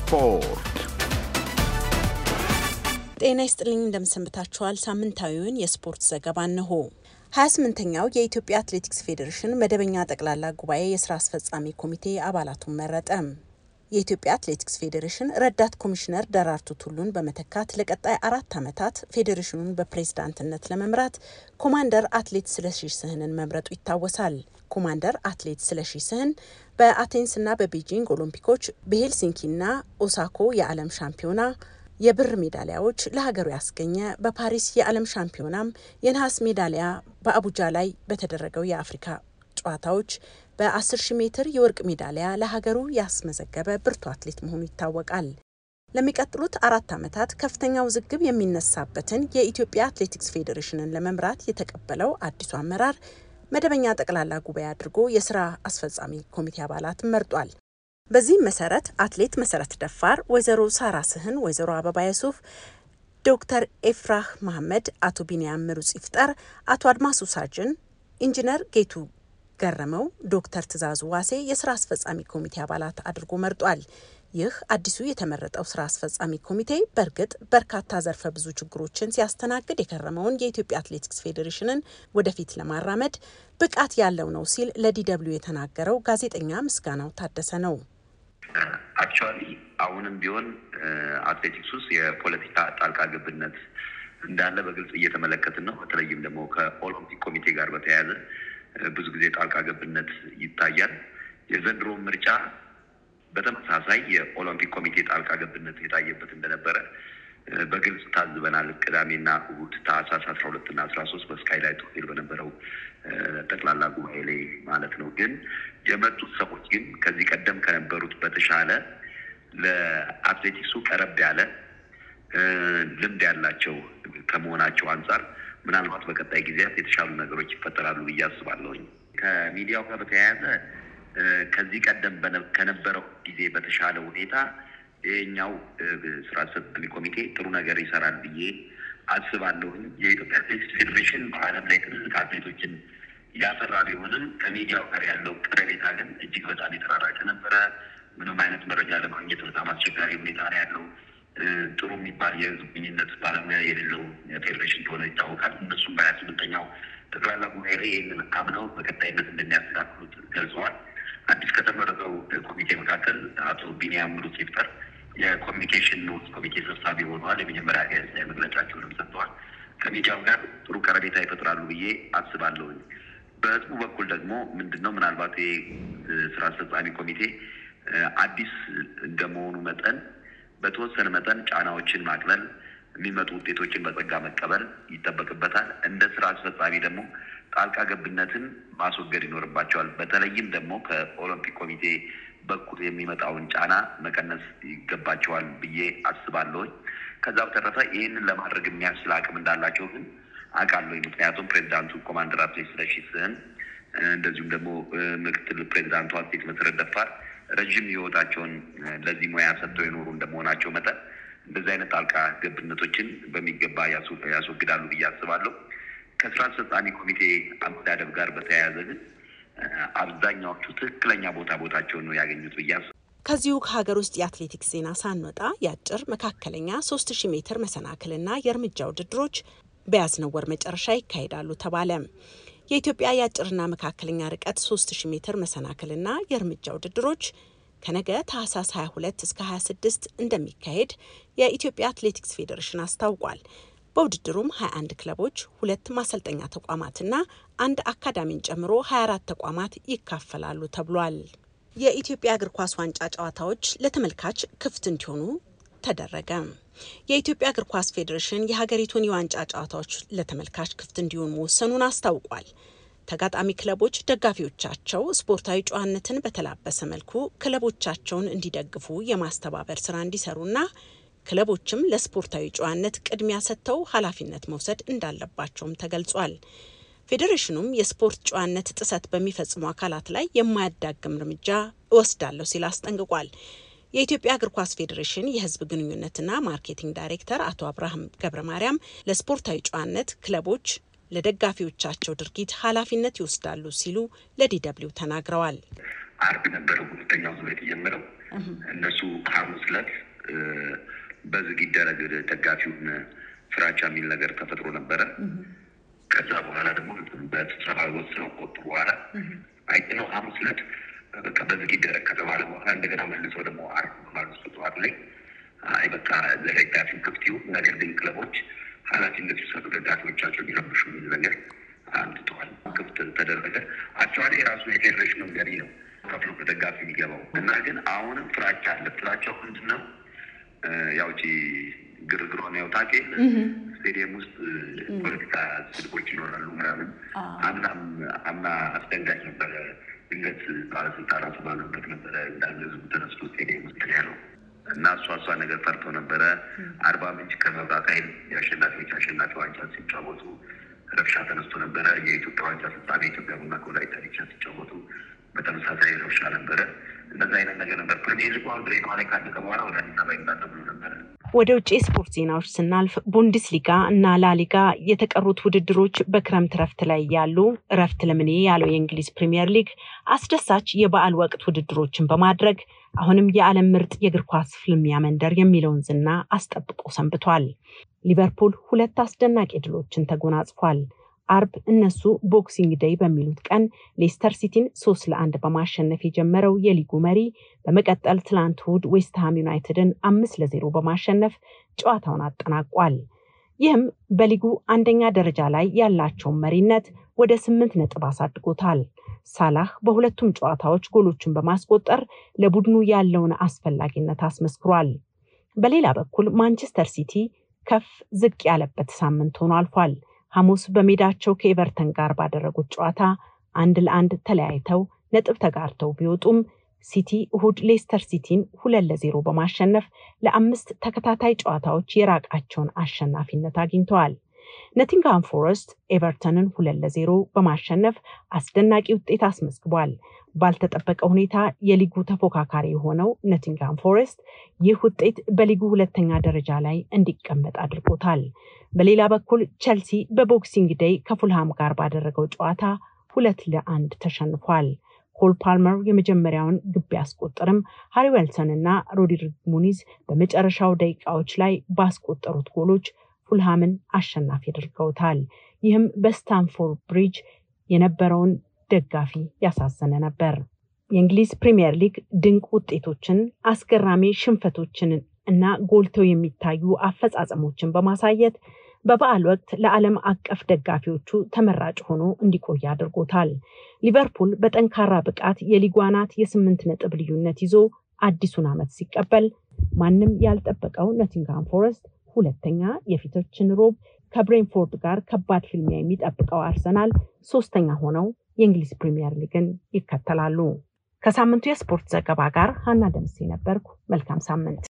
ስፖርት ጤና ይስጥልኝ። እንደምሰንብታችኋል። ሳምንታዊውን የስፖርት ዘገባ እንሆ 28ኛው የኢትዮጵያ አትሌቲክስ ፌዴሬሽን መደበኛ ጠቅላላ ጉባኤ የስራ አስፈጻሚ ኮሚቴ አባላቱን መረጠ። የኢትዮጵያ አትሌቲክስ ፌዴሬሽን ረዳት ኮሚሽነር ደራርቱ ቱሉን በመተካት ለቀጣይ አራት ዓመታት ፌዴሬሽኑን በፕሬዝዳንትነት ለመምራት ኮማንደር አትሌት ስለሺ ስህንን መምረጡ ይታወሳል። ኮማንደር አትሌት ስለሺ ስህን በአቴንስና በቤጂንግ ኦሎምፒኮች በሄልሲንኪና ኦሳኮ የዓለም ሻምፒዮና የብር ሜዳሊያዎች ለሀገሩ ያስገኘ በፓሪስ የዓለም ሻምፒዮናም የነሐስ ሜዳሊያ በአቡጃ ላይ በተደረገው የአፍሪካ ጨዋታዎች በ10 ሺህ ሜትር የወርቅ ሜዳሊያ ለሀገሩ ያስመዘገበ ብርቱ አትሌት መሆኑ ይታወቃል። ለሚቀጥሉት አራት ዓመታት ከፍተኛ ውዝግብ የሚነሳበትን የኢትዮጵያ አትሌቲክስ ፌዴሬሽንን ለመምራት የተቀበለው አዲሱ አመራር መደበኛ ጠቅላላ ጉባኤ አድርጎ የስራ አስፈጻሚ ኮሚቴ አባላት መርጧል። በዚህም መሰረት አትሌት መሰረት ደፋር፣ ወይዘሮ ሳራ ስህን፣ ወይዘሮ አበባ የሱፍ፣ ዶክተር ኤፍራህ መሐመድ፣ አቶ ቢንያም ምሩጽ ይፍጠር፣ አቶ አድማሱ ሳጅን፣ ኢንጂነር ጌቱ ገረመው ዶክተር ትእዛዙ ዋሴ የስራ አስፈጻሚ ኮሚቴ አባላት አድርጎ መርጧል። ይህ አዲሱ የተመረጠው ስራ አስፈጻሚ ኮሚቴ በእርግጥ በርካታ ዘርፈ ብዙ ችግሮችን ሲያስተናግድ የከረመውን የኢትዮጵያ አትሌቲክስ ፌዴሬሽንን ወደፊት ለማራመድ ብቃት ያለው ነው ሲል ለዲደብሊው የተናገረው ጋዜጠኛ ምስጋናው ታደሰ ነው። አክቹዋሊ አሁንም ቢሆን አትሌቲክስ ውስጥ የፖለቲካ ጣልቃ ገብነት እንዳለ በግልጽ እየተመለከትን ነው። በተለይም ደግሞ ከኦሎምፒክ ኮሚቴ ጋር በተያያዘ ብዙ ጊዜ ጣልቃ ገብነት ይታያል። የዘንድሮ ምርጫ በተመሳሳይ የኦሎምፒክ ኮሚቴ ጣልቃ ገብነት የታየበት እንደነበረ በግልጽ ታዝበናል። ቅዳሜና እሁድ ታህሳስ አስራ ሁለት እና አስራ ሶስት በስካይላይት ሆቴል በነበረው ጠቅላላ ጉባኤ ላይ ማለት ነው። ግን የመጡት ሰዎች ግን ከዚህ ቀደም ከነበሩት በተሻለ ለአትሌቲክሱ ቀረብ ያለ ልምድ ያላቸው ከመሆናቸው አንጻር ምናልባት በቀጣይ ጊዜያት የተሻሉ ነገሮች ይፈጠራሉ ብዬ አስባለሁኝ። ከሚዲያው ጋር በተያያዘ ከዚህ ቀደም ከነበረው ጊዜ በተሻለ ሁኔታ ይሄኛው ስራ አስፈጻሚ ኮሚቴ ጥሩ ነገር ይሰራል ብዬ አስባለሁኝ። የኢትዮጵያ አትሌቲክስ ፌዴሬሽን በዓለም ላይ ትልልቅ አትሌቶችን ያፈራ ቢሆንም ከሚዲያው ጋር ያለው ቅረቤታ ግን እጅግ በጣም የተራራቀ ነበረ። ምንም አይነት መረጃ ለማግኘት በጣም አስቸጋሪ ሁኔታ ነው ያለው። ጥሩ የሚባል የህዝብ ግንኙነት ባለሙያ የሌለው ፌዴሬሽን እንደሆነ ይታወቃል። እነሱም በሀያ ስምንተኛው ጠቅላላ ጉባኤ ላይ ይህንን አምነው በቀጣይነት እንደሚያስተካክሉት ገልጸዋል። አዲስ ከተመረጠው ኮሚቴ መካከል አቶ ቢኒያም ሙሉ ሴፍተር የኮሚኒኬሽን ኖት ኮሚቴ ሰብሳቢ ሆነዋል። የመጀመሪያ ጋዜጣዊ መግለጫቸውንም ሰጥተዋል። ከሚዲያው ጋር ጥሩ ቀረቤታ ይፈጥራሉ ብዬ አስባለሁኝ። በህዝቡ በኩል ደግሞ ምንድን ነው ምናልባት ይሄ ስራ አስፈጻሚ ኮሚቴ አዲስ እንደመሆኑ መጠን በተወሰነ መጠን ጫናዎችን ማቅለል፣ የሚመጡ ውጤቶችን በጸጋ መቀበል ይጠበቅበታል። እንደ ስራ አስፈጻሚ ደግሞ ጣልቃ ገብነትን ማስወገድ ይኖርባቸዋል። በተለይም ደግሞ ከኦሎምፒክ ኮሚቴ በኩል የሚመጣውን ጫና መቀነስ ይገባቸዋል ብዬ አስባለሁኝ። ከዛ በተረፈ ይህንን ለማድረግ የሚያስችል አቅም እንዳላቸው ግን አውቃለሁኝ። ምክንያቱም ፕሬዚዳንቱ ኮማንደር አትሌት ስለሺ ስህን እንደዚሁም ደግሞ ምክትል ፕሬዚዳንቱ አትሌት መሰረት ደፋር ረዥም ህይወታቸውን ለዚህ ሙያ ሰጥተው የኖሩ እንደመሆናቸው መጠን እንደዚህ አይነት ጣልቃ ገብነቶችን በሚገባ ያስወግዳሉ ብዬ አስባለሁ። ከስራ አስፈጻሚ ኮሚቴ አመዳደብ ጋር በተያያዘ ግን አብዛኛዎቹ ትክክለኛ ቦታ ቦታቸውን ነው ያገኙት ብዬ አስ ከዚሁ ከሀገር ውስጥ የአትሌቲክስ ዜና ሳንወጣ የአጭር መካከለኛ ሶስት ሜትር መሰናክልና የእርምጃ ውድድሮች በያዝነው ወር መጨረሻ ይካሄዳሉ ተባለ። የኢትዮጵያ የአጭርና መካከለኛ ርቀት 3000 ሜትር መሰናክልና የእርምጃ ውድድሮች ከነገ ታህሳስ 22 እስከ 26 እንደሚካሄድ የኢትዮጵያ አትሌቲክስ ፌዴሬሽን አስታውቋል። በውድድሩም 21 ክለቦች፣ ሁለት ማሰልጠኛ ተቋማትና አንድ አካዳሚን ጨምሮ 24 ተቋማት ይካፈላሉ ተብሏል። የኢትዮጵያ እግር ኳስ ዋንጫ ጨዋታዎች ለተመልካች ክፍት እንዲሆኑ ተደረገ። የኢትዮጵያ እግር ኳስ ፌዴሬሽን የሀገሪቱን የዋንጫ ጨዋታዎች ለተመልካች ክፍት እንዲሆን መወሰኑን አስታውቋል። ተጋጣሚ ክለቦች ደጋፊዎቻቸው ስፖርታዊ ጨዋነትን በተላበሰ መልኩ ክለቦቻቸውን እንዲደግፉ የማስተባበር ስራ እንዲሰሩና ክለቦችም ለስፖርታዊ ጨዋነት ቅድሚያ ሰጥተው ኃላፊነት መውሰድ እንዳለባቸውም ተገልጿል። ፌዴሬሽኑም የስፖርት ጨዋነት ጥሰት በሚፈጽሙ አካላት ላይ የማያዳግም እርምጃ እወስዳለሁ ሲል አስጠንቅቋል። የኢትዮጵያ እግር ኳስ ፌዴሬሽን የህዝብ ግንኙነትና ማርኬቲንግ ዳይሬክተር አቶ አብርሃም ገብረ ማርያም ለስፖርታዊ ጨዋነት ክለቦች ለደጋፊዎቻቸው ድርጊት ኃላፊነት ይወስዳሉ ሲሉ ለዲደብሊው ተናግረዋል። አርብ ነበረ ሁለተኛው ዙር የተጀመረው። እነሱ ሐሙስ ዕለት በዝግ ይደረግ ደጋፊውን ፍራቻ የሚል ነገር ተፈጥሮ ነበረ። ከዛ በኋላ ደግሞ በስብሰባ ወስነው ከወጡ በኋላ አይ ነው ሐሙስ ዕለት በቃ በዝግ ይደረግ ከተባለ በኋላ እንደገና መልሶ ደግሞ አርብ ማግስቱ ጠዋት ላይ አይ በቃ ለደጋፊ ክፍት ይሁን፣ ነገር ግን ክለቦች ኃላፊነት ሲሰጡ ደጋፊዎቻቸው ሊረብሹ የሚል ነገር አንስተዋል። ክፍት ተደረገ። አቸዋል የራሱ የፌዴሬሽኑ ገሪ ነው ከፍሎ ከደጋፊ የሚገባው እና ግን አሁንም ፍራቻ አለ። ፍራቻው ምንድን ነው? ያውጪ ግርግሮ ነው ታውቂ ስቴዲየም ውስጥ ፖለቲካ ስድቦች ይኖራሉ ምናምን። አምናም አምና አስደንጋጭ ነበረ ድንገት ባለስልጣናቱ ባሉበት ነበረ እንዳለ ህዝቡ ተነስቶ ስቴዲየም ውስጥ ያለው እና እሷ እሷ ነገር ፈርቶ ነበረ። አርባ ምንጭ ከመብራት ኃይል የአሸናፊዎች አሸናፊ ዋንጫ ሲጫወቱ ረብሻ ተነስቶ ነበረ። የኢትዮጵያ ዋንጫ ፍጻሜ ኢትዮጵያ ቡና ከወላይታ ዲቻ ሲጫወቱ በተመሳሳይ ረብሻ ነበረ። እንደዚ አይነት ነገር ነበር። ፕሪሚየር ሊግ አሁን ድሬዳዋ ላይ ካለቀ በኋላ ወደ አዲስ አበባ ይመጣል ተብሎ ወደ ውጭ የስፖርት ዜናዎች ስናልፍ ቡንድስሊጋ እና ላሊጋ የተቀሩት ውድድሮች በክረምት ረፍት ላይ ያሉ ረፍት ለምን ያለው የእንግሊዝ ፕሪምየር ሊግ አስደሳች የበዓል ወቅት ውድድሮችን በማድረግ አሁንም የዓለም ምርጥ የእግር ኳስ ፍልሚያ መንደር የሚለውን ዝና አስጠብቆ ሰንብቷል። ሊቨርፑል ሁለት አስደናቂ ድሎችን ተጎናጽፏል። አርብ እነሱ ቦክሲንግ ደይ በሚሉት ቀን ሌስተር ሲቲን ሶስት ለአንድ በማሸነፍ የጀመረው የሊጉ መሪ በመቀጠል ትላንት እሑድ ዌስትሃም ዩናይትድን አምስት ለዜሮ በማሸነፍ ጨዋታውን አጠናቋል። ይህም በሊጉ አንደኛ ደረጃ ላይ ያላቸውን መሪነት ወደ ስምንት ነጥብ አሳድጎታል። ሳላህ በሁለቱም ጨዋታዎች ጎሎችን በማስቆጠር ለቡድኑ ያለውን አስፈላጊነት አስመስክሯል። በሌላ በኩል ማንቸስተር ሲቲ ከፍ ዝቅ ያለበት ሳምንት ሆኖ አልፏል። ሐሙስ በሜዳቸው ከኤቨርተን ጋር ባደረጉት ጨዋታ አንድ ለአንድ ተለያይተው ነጥብ ተጋርተው ቢወጡም ሲቲ እሁድ ሌስተር ሲቲን ሁለት ለዜሮ በማሸነፍ ለአምስት ተከታታይ ጨዋታዎች የራቃቸውን አሸናፊነት አግኝተዋል። ነቲንግሃም ፎረስት ኤቨርተንን ሁለት ለዜሮ በማሸነፍ አስደናቂ ውጤት አስመዝግቧል። ባልተጠበቀ ሁኔታ የሊጉ ተፎካካሪ የሆነው ነቲንጋም ፎሬስት ይህ ውጤት በሊጉ ሁለተኛ ደረጃ ላይ እንዲቀመጥ አድርጎታል። በሌላ በኩል ቸልሲ በቦክሲንግ ደይ ከፉልሃም ጋር ባደረገው ጨዋታ ሁለት ለአንድ ተሸንፏል። ኮል ፓልመር የመጀመሪያውን ግብ ቢያስቆጥርም ሃሪ ዌልሰን እና ሮድሪግ ሙኒዝ በመጨረሻው ደቂቃዎች ላይ ባስቆጠሩት ጎሎች ፉልሃምን አሸናፊ አድርገውታል። ይህም በስታንፎርድ ብሪጅ የነበረውን ደጋፊ ያሳዘነ ነበር። የእንግሊዝ ፕሪምየር ሊግ ድንቅ ውጤቶችን፣ አስገራሚ ሽንፈቶችን እና ጎልተው የሚታዩ አፈጻጸሞችን በማሳየት በበዓል ወቅት ለዓለም አቀፍ ደጋፊዎቹ ተመራጭ ሆኖ እንዲቆይ አድርጎታል። ሊቨርፑል በጠንካራ ብቃት የሊጉ አናት የስምንት ነጥብ ልዩነት ይዞ አዲሱን ዓመት ሲቀበል ማንም ያልጠበቀው ነቲንግሃም ፎረስት ሁለተኛ የፊቶችን ሮብ ከብሬንፎርድ ጋር ከባድ ፍልሚያ የሚጠብቀው አርሰናል ሶስተኛ ሆነው የእንግሊዝ ፕሪምየር ሊግን ይከተላሉ። ከሳምንቱ የስፖርት ዘገባ ጋር ሀና ደምሴ ነበርኩ። መልካም ሳምንት።